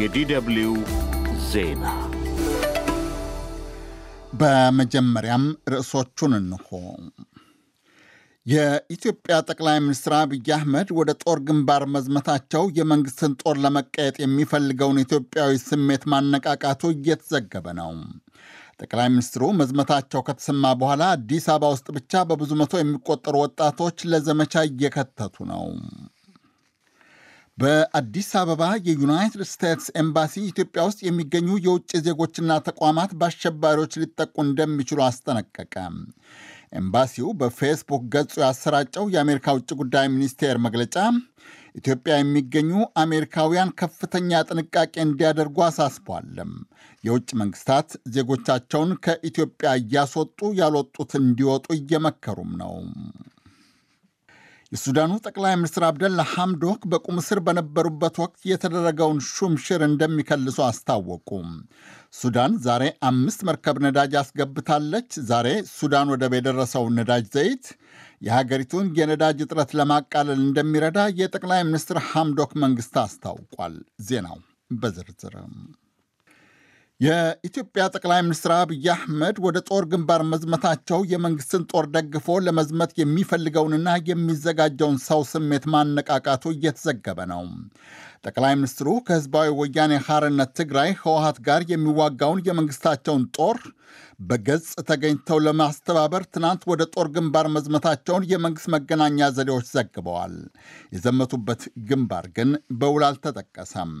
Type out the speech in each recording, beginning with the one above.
የዲደብሊው ዜና በመጀመሪያም ርዕሶቹን እንሆ። የኢትዮጵያ ጠቅላይ ሚኒስትር አብይ አህመድ ወደ ጦር ግንባር መዝመታቸው የመንግስትን ጦር ለመቀየጥ የሚፈልገውን ኢትዮጵያዊ ስሜት ማነቃቃቱ እየተዘገበ ነው። ጠቅላይ ሚኒስትሩ መዝመታቸው ከተሰማ በኋላ አዲስ አበባ ውስጥ ብቻ በብዙ መቶ የሚቆጠሩ ወጣቶች ለዘመቻ እየከተቱ ነው። በአዲስ አበባ የዩናይትድ ስቴትስ ኤምባሲ ኢትዮጵያ ውስጥ የሚገኙ የውጭ ዜጎችና ተቋማት በአሸባሪዎች ሊጠቁ እንደሚችሉ አስጠነቀቀ። ኤምባሲው በፌስቡክ ገጹ ያሰራጨው የአሜሪካ ውጭ ጉዳይ ሚኒስቴር መግለጫ ኢትዮጵያ የሚገኙ አሜሪካውያን ከፍተኛ ጥንቃቄ እንዲያደርጉ አሳስቧል። የውጭ መንግስታት ዜጎቻቸውን ከኢትዮጵያ እያስወጡ ያልወጡት እንዲወጡ እየመከሩም ነው። የሱዳኑ ጠቅላይ ሚኒስትር አብደላ ሐምዶክ በቁም እስር በነበሩበት ወቅት የተደረገውን ሹምሽር እንደሚከልሱ አስታወቁ። ሱዳን ዛሬ አምስት መርከብ ነዳጅ አስገብታለች። ዛሬ ሱዳን ወደብ የደረሰው ነዳጅ ዘይት የሀገሪቱን የነዳጅ እጥረት ለማቃለል እንደሚረዳ የጠቅላይ ሚኒስትር ሐምዶክ መንግሥት አስታውቋል። ዜናው በዝርዝርም የኢትዮጵያ ጠቅላይ ሚኒስትር አብይ አህመድ ወደ ጦር ግንባር መዝመታቸው የመንግስትን ጦር ደግፎ ለመዝመት የሚፈልገውንና የሚዘጋጀውን ሰው ስሜት ማነቃቃቱ እየተዘገበ ነው። ጠቅላይ ሚኒስትሩ ከህዝባዊ ወያኔ ሐርነት ትግራይ ህወሀት ጋር የሚዋጋውን የመንግስታቸውን ጦር በገጽ ተገኝተው ለማስተባበር ትናንት ወደ ጦር ግንባር መዝመታቸውን የመንግሥት መገናኛ ዘዴዎች ዘግበዋል። የዘመቱበት ግንባር ግን በውል አልተጠቀሰም።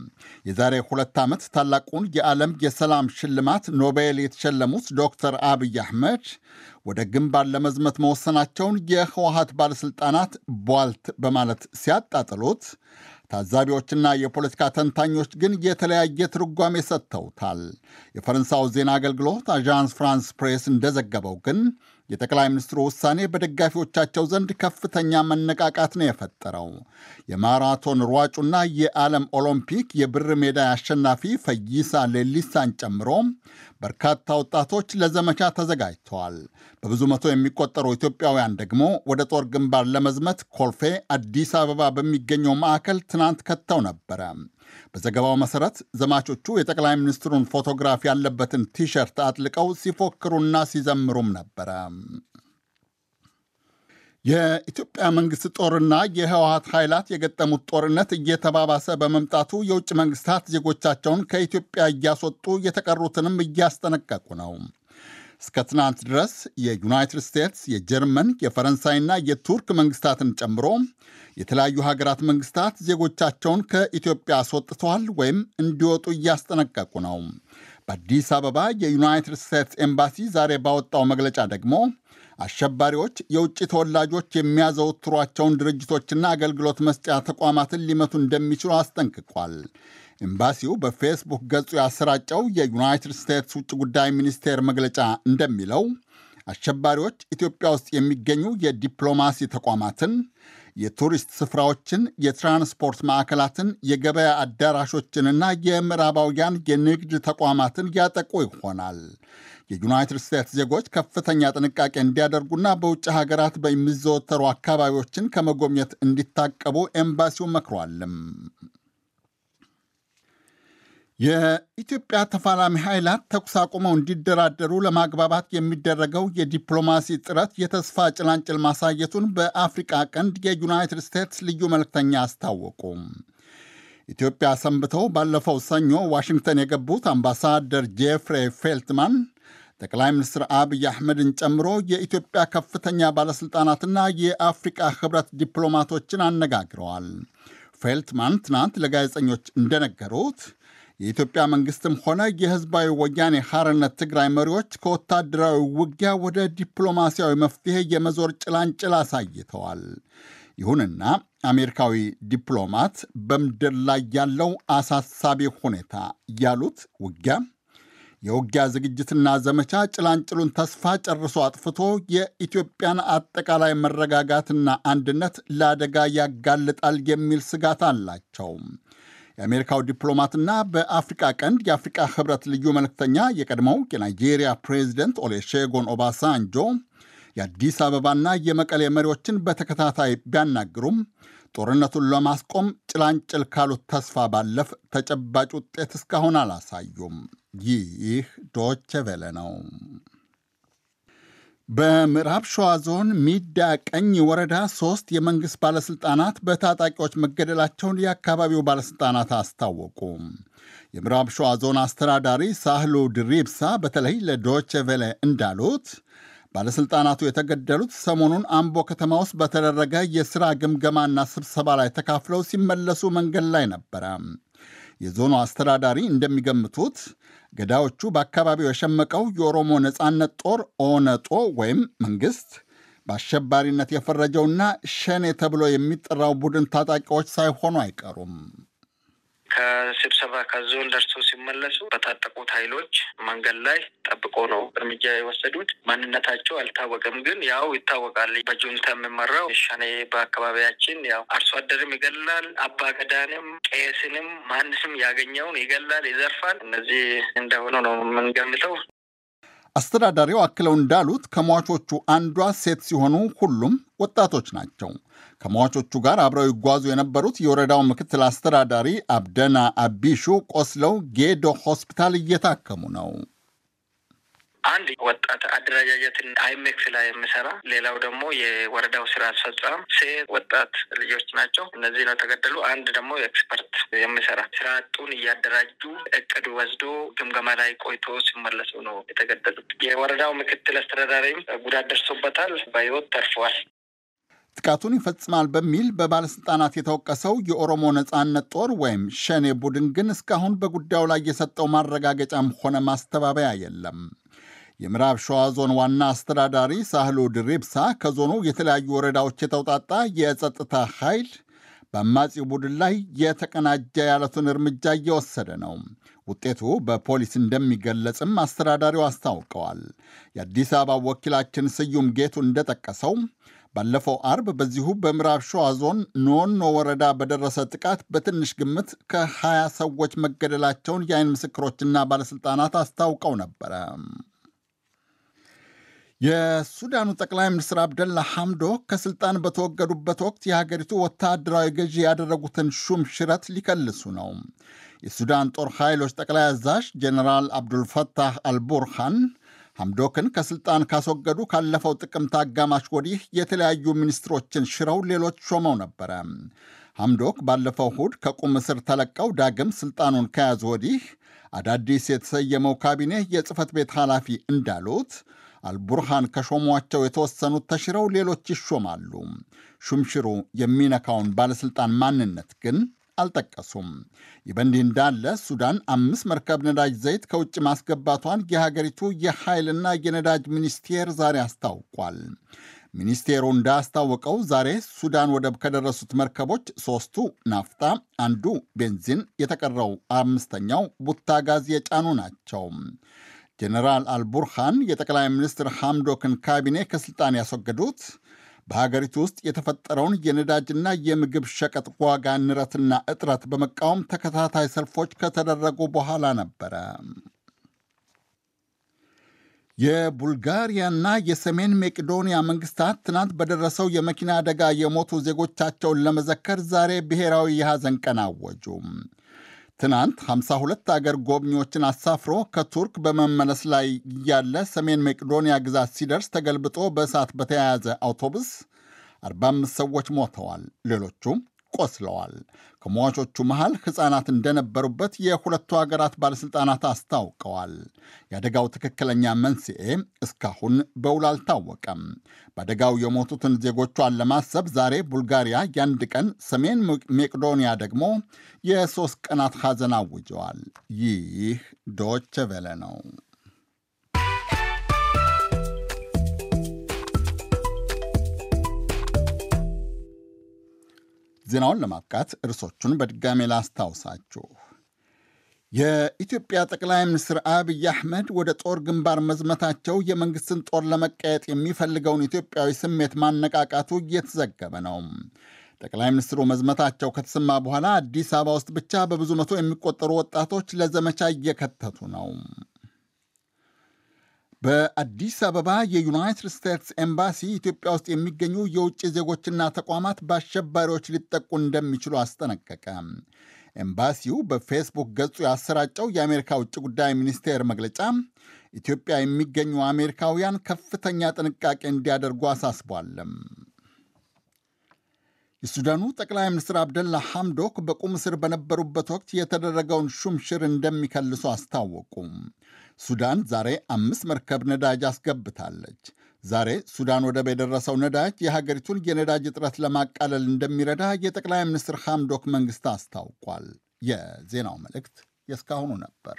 የዛሬ ሁለት ዓመት ታላቁን የዓለም የሰላም ሽልማት ኖቤል የተሸለሙት ዶክተር አብይ አህመድ ወደ ግንባር ለመዝመት መወሰናቸውን የህወሀት ባለሥልጣናት ቧልት በማለት ሲያጣጥሉት ታዛቢዎችና የፖለቲካ ተንታኞች ግን የተለያየ ትርጓሜ ሰጥተውታል። የፈረንሳው ዜና አገልግሎት አዣንስ ፍራንስ ፕሬስ እንደዘገበው ግን የጠቅላይ ሚኒስትሩ ውሳኔ በደጋፊዎቻቸው ዘንድ ከፍተኛ መነቃቃት ነው የፈጠረው። የማራቶን ሯጩና የዓለም ኦሎምፒክ የብር ሜዳ አሸናፊ ፈይሳ ሌሊሳን ጨምሮ በርካታ ወጣቶች ለዘመቻ ተዘጋጅተዋል። በብዙ መቶ የሚቆጠሩ ኢትዮጵያውያን ደግሞ ወደ ጦር ግንባር ለመዝመት ኮልፌ አዲስ አበባ በሚገኘው ማዕከል ትናንት ከተው ነበረ። በዘገባው መሰረት ዘማቾቹ የጠቅላይ ሚኒስትሩን ፎቶግራፍ ያለበትን ቲሸርት አጥልቀው ሲፎክሩና ሲዘምሩም ነበረ። የኢትዮጵያ መንግስት ጦርና የህወሀት ኃይላት የገጠሙት ጦርነት እየተባባሰ በመምጣቱ የውጭ መንግስታት ዜጎቻቸውን ከኢትዮጵያ እያስወጡ የተቀሩትንም እያስጠነቀቁ ነው። እስከ ትናንት ድረስ የዩናይትድ ስቴትስ፣ የጀርመን፣ የፈረንሳይና የቱርክ መንግስታትን ጨምሮ የተለያዩ ሀገራት መንግስታት ዜጎቻቸውን ከኢትዮጵያ አስወጥተዋል ወይም እንዲወጡ እያስጠነቀቁ ነው። በአዲስ አበባ የዩናይትድ ስቴትስ ኤምባሲ ዛሬ ባወጣው መግለጫ ደግሞ አሸባሪዎች የውጭ ተወላጆች የሚያዘወትሯቸውን ድርጅቶችና አገልግሎት መስጫ ተቋማትን ሊመቱ እንደሚችሉ አስጠንቅቋል። ኤምባሲው በፌስቡክ ገጹ ያሰራጨው የዩናይትድ ስቴትስ ውጭ ጉዳይ ሚኒስቴር መግለጫ እንደሚለው አሸባሪዎች ኢትዮጵያ ውስጥ የሚገኙ የዲፕሎማሲ ተቋማትን፣ የቱሪስት ስፍራዎችን፣ የትራንስፖርት ማዕከላትን፣ የገበያ አዳራሾችንና የምዕራባውያን የንግድ ተቋማትን ያጠቁ ይሆናል። የዩናይትድ ስቴትስ ዜጎች ከፍተኛ ጥንቃቄ እንዲያደርጉና በውጭ ሀገራት በሚዘወተሩ አካባቢዎችን ከመጎብኘት እንዲታቀቡ ኤምባሲው መክሯልም። የኢትዮጵያ ተፋላሚ ኃይላት ተኩስ አቁመው እንዲደራደሩ ለማግባባት የሚደረገው የዲፕሎማሲ ጥረት የተስፋ ጭላንጭል ማሳየቱን በአፍሪቃ ቀንድ የዩናይትድ ስቴትስ ልዩ መልክተኛ አስታወቁ። ኢትዮጵያ ሰንብተው ባለፈው ሰኞ ዋሽንግተን የገቡት አምባሳደር ጄፍሬ ፌልትማን ጠቅላይ ሚኒስትር አብይ አሕመድን ጨምሮ የኢትዮጵያ ከፍተኛ ባለሥልጣናትና የአፍሪቃ ኅብረት ዲፕሎማቶችን አነጋግረዋል። ፌልትማን ትናንት ለጋዜጠኞች እንደነገሩት የኢትዮጵያ መንግስትም ሆነ የህዝባዊ ወያኔ ሐርነት ትግራይ መሪዎች ከወታደራዊ ውጊያ ወደ ዲፕሎማሲያዊ መፍትሄ የመዞር ጭላንጭል አሳይተዋል። ይሁንና አሜሪካዊ ዲፕሎማት በምድር ላይ ያለው አሳሳቢ ሁኔታ ያሉት ውጊያ የውጊያ ዝግጅትና ዘመቻ ጭላንጭሉን ተስፋ ጨርሶ አጥፍቶ የኢትዮጵያን አጠቃላይ መረጋጋትና አንድነት ለአደጋ ያጋልጣል የሚል ስጋት አላቸው። የአሜሪካው ዲፕሎማትና በአፍሪቃ ቀንድ የአፍሪቃ ህብረት ልዩ መልእክተኛ የቀድሞው የናይጄሪያ ፕሬዚደንት ኦሌሼጎን ኦባሳንጆ የአዲስ አበባና የመቀሌ መሪዎችን በተከታታይ ቢያናግሩም ጦርነቱን ለማስቆም ጭላንጭል ካሉት ተስፋ ባለፍ ተጨባጭ ውጤት እስካሁን አላሳዩም። ይህ ዶቼ ቬለ ነው። በምዕራብ ሸዋ ዞን ሚዳ ቀኝ ወረዳ ሶስት የመንግሥት ባለሥልጣናት በታጣቂዎች መገደላቸውን የአካባቢው ባለሥልጣናት አስታወቁ። የምዕራብ ሸዋ ዞን አስተዳዳሪ ሳህሉ ድሪብሳ በተለይ ለዶቼ ቬለ እንዳሉት ባለሥልጣናቱ የተገደሉት ሰሞኑን አምቦ ከተማ ውስጥ በተደረገ የሥራ ግምገማና ስብሰባ ላይ ተካፍለው ሲመለሱ መንገድ ላይ ነበረ። የዞኑ አስተዳዳሪ እንደሚገምቱት ገዳዮቹ በአካባቢው የሸመቀው የኦሮሞ ነጻነት ጦር ኦነጦ ወይም መንግስት በአሸባሪነት የፈረጀውና ሸኔ ተብሎ የሚጠራው ቡድን ታጣቂዎች ሳይሆኑ አይቀሩም። ከስብሰባ ከዞን ደርሶ ሲመለሱ በታጠቁት ኃይሎች መንገድ ላይ ጠብቆ ነው እርምጃ የወሰዱት። ማንነታቸው አልታወቅም ግን ያው ይታወቃል። በጁንታ የሚመራው ሸኔ በአካባቢያችን ያው አርሶ አደርም ይገላል፣ አባገዳንም፣ ቄስንም ማንስም ያገኘውን ይገላል፣ ይዘርፋል። እነዚህ እንደሆነ ነው የምንገምተው። አስተዳዳሪው አክለው እንዳሉት ከሟቾቹ አንዷ ሴት ሲሆኑ ሁሉም ወጣቶች ናቸው። ከሟቾቹ ጋር አብረው ይጓዙ የነበሩት የወረዳው ምክትል አስተዳዳሪ አብደና አቢሹ ቆስለው ጌዶ ሆስፒታል እየታከሙ ነው። አንድ ወጣት አደረጃጀትን አይሜክስ ላይ የሚሰራ ሌላው ደግሞ የወረዳው ስራ አስፈጻም ሴት ወጣት ልጆች ናቸው። እነዚህ ነው ተገደሉ። አንድ ደግሞ ኤክስፐርት የምሰራ ስራ አጡን እያደራጁ እቅድ ወስዶ ግምገማ ላይ ቆይቶ ሲመለሱ ነው የተገደሉት። የወረዳው ምክትል አስተዳዳሪም ጉዳት ደርሶበታል፣ በህይወት ተርፈዋል። ጥቃቱን ይፈጽማል በሚል በባለስልጣናት የተወቀሰው የኦሮሞ ነጻነት ጦር ወይም ሸኔ ቡድን ግን እስካሁን በጉዳዩ ላይ የሰጠው ማረጋገጫም ሆነ ማስተባበያ የለም። የምዕራብ ሸዋ ዞን ዋና አስተዳዳሪ ሳህሉ ድሪብሳ ከዞኑ የተለያዩ ወረዳዎች የተውጣጣ የጸጥታ ኃይል በአማጺው ቡድን ላይ የተቀናጀ ያለቱን እርምጃ እየወሰደ ነው። ውጤቱ በፖሊስ እንደሚገለጽም አስተዳዳሪው አስታውቀዋል። የአዲስ አበባ ወኪላችን ስዩም ጌቱ እንደጠቀሰው ባለፈው አርብ በዚሁ በምዕራብ ሸዋ ዞን ኖኖ ወረዳ በደረሰ ጥቃት በትንሽ ግምት ከ20 ሰዎች መገደላቸውን የአይን ምስክሮችና ባለሥልጣናት አስታውቀው ነበረ። የሱዳኑ ጠቅላይ ሚኒስትር አብደላ ሐምዶ ከስልጣን በተወገዱበት ወቅት የሀገሪቱ ወታደራዊ ገዢ ያደረጉትን ሹም ሽረት ሊከልሱ ነው። የሱዳን ጦር ኃይሎች ጠቅላይ አዛዥ ጀኔራል አብዱልፈታህ አልቡርሃን አምዶክን ከስልጣን ካስወገዱ ካለፈው ጥቅምት አጋማሽ ወዲህ የተለያዩ ሚኒስትሮችን ሽረው ሌሎች ሾመው ነበረ። ሐምዶክ ባለፈው እሁድ ከቁም እስር ተለቀው ዳግም ስልጣኑን ከያዙ ወዲህ አዳዲስ የተሰየመው ካቢኔ የጽህፈት ቤት ኃላፊ እንዳሉት አልቡርሃን ከሾሟቸው የተወሰኑት ተሽረው ሌሎች ይሾማሉ። ሹምሽሩ የሚነካውን ባለሥልጣን ማንነት ግን አልጠቀሱም። ይህ በእንዲህ እንዳለ ሱዳን አምስት መርከብ ነዳጅ ዘይት ከውጭ ማስገባቷን የሀገሪቱ የኃይልና የነዳጅ ሚኒስቴር ዛሬ አስታውቋል። ሚኒስቴሩ እንዳስታወቀው ዛሬ ሱዳን ወደብ ከደረሱት መርከቦች ሶስቱ ናፍጣ፣ አንዱ ቤንዚን፣ የተቀረው አምስተኛው ቡታ ጋዝ የጫኑ ናቸው። ጀነራል አልቡርሃን የጠቅላይ ሚኒስትር ሐምዶክን ካቢኔ ከስልጣን ያስወገዱት በሀገሪቱ ውስጥ የተፈጠረውን የነዳጅና የምግብ ሸቀጥ ዋጋ ንረትና እጥረት በመቃወም ተከታታይ ሰልፎች ከተደረጉ በኋላ ነበረ። የቡልጋሪያና የሰሜን መቄዶንያ መንግስታት ትናንት በደረሰው የመኪና አደጋ የሞቱ ዜጎቻቸውን ለመዘከር ዛሬ ብሔራዊ የሐዘን ቀን አወጁ። ትናንት 52 አገር ጎብኚዎችን አሳፍሮ ከቱርክ በመመለስ ላይ ያለ ሰሜን መቄዶንያ ግዛት ሲደርስ ተገልብጦ በእሳት በተያያዘ አውቶቡስ 45 ሰዎች ሞተዋል። ሌሎቹም ቆስለዋል። ከሟቾቹ መሃል ሕፃናት እንደነበሩበት የሁለቱ ሀገራት ባለሥልጣናት አስታውቀዋል። የአደጋው ትክክለኛ መንስኤ እስካሁን በውል አልታወቀም። በአደጋው የሞቱትን ዜጎቿን ለማሰብ ዛሬ ቡልጋሪያ የአንድ ቀን፣ ሰሜን መቄዶንያ ደግሞ የሦስት ቀናት ሐዘን አውጀዋል። ይህ ዶቸ ቬለ ነው። ዜናውን ለማብቃት እርሶቹን በድጋሜ ላስታውሳችሁ። የኢትዮጵያ ጠቅላይ ሚኒስትር አብይ አህመድ ወደ ጦር ግንባር መዝመታቸው የመንግስትን ጦር ለመቀየጥ የሚፈልገውን ኢትዮጵያዊ ስሜት ማነቃቃቱ እየተዘገበ ነው። ጠቅላይ ሚኒስትሩ መዝመታቸው ከተሰማ በኋላ አዲስ አበባ ውስጥ ብቻ በብዙ መቶ የሚቆጠሩ ወጣቶች ለዘመቻ እየከተቱ ነው። በአዲስ አበባ የዩናይትድ ስቴትስ ኤምባሲ ኢትዮጵያ ውስጥ የሚገኙ የውጭ ዜጎችና ተቋማት በአሸባሪዎች ሊጠቁ እንደሚችሉ አስጠነቀቀ። ኤምባሲው በፌስቡክ ገጹ ያሰራጨው የአሜሪካ ውጭ ጉዳይ ሚኒስቴር መግለጫ ኢትዮጵያ የሚገኙ አሜሪካውያን ከፍተኛ ጥንቃቄ እንዲያደርጉ አሳስቧል። የሱዳኑ ጠቅላይ ሚኒስትር አብደላ ሐምዶክ በቁም እስር በነበሩበት ወቅት የተደረገውን ሹምሽር እንደሚከልሱ አስታወቁ። ሱዳን ዛሬ አምስት መርከብ ነዳጅ አስገብታለች። ዛሬ ሱዳን ወደብ የደረሰው ነዳጅ የሀገሪቱን የነዳጅ እጥረት ለማቃለል እንደሚረዳ የጠቅላይ ሚኒስትር ሐምዶክ መንግሥት አስታውቋል። የዜናው መልእክት የእስካሁኑ ነበር።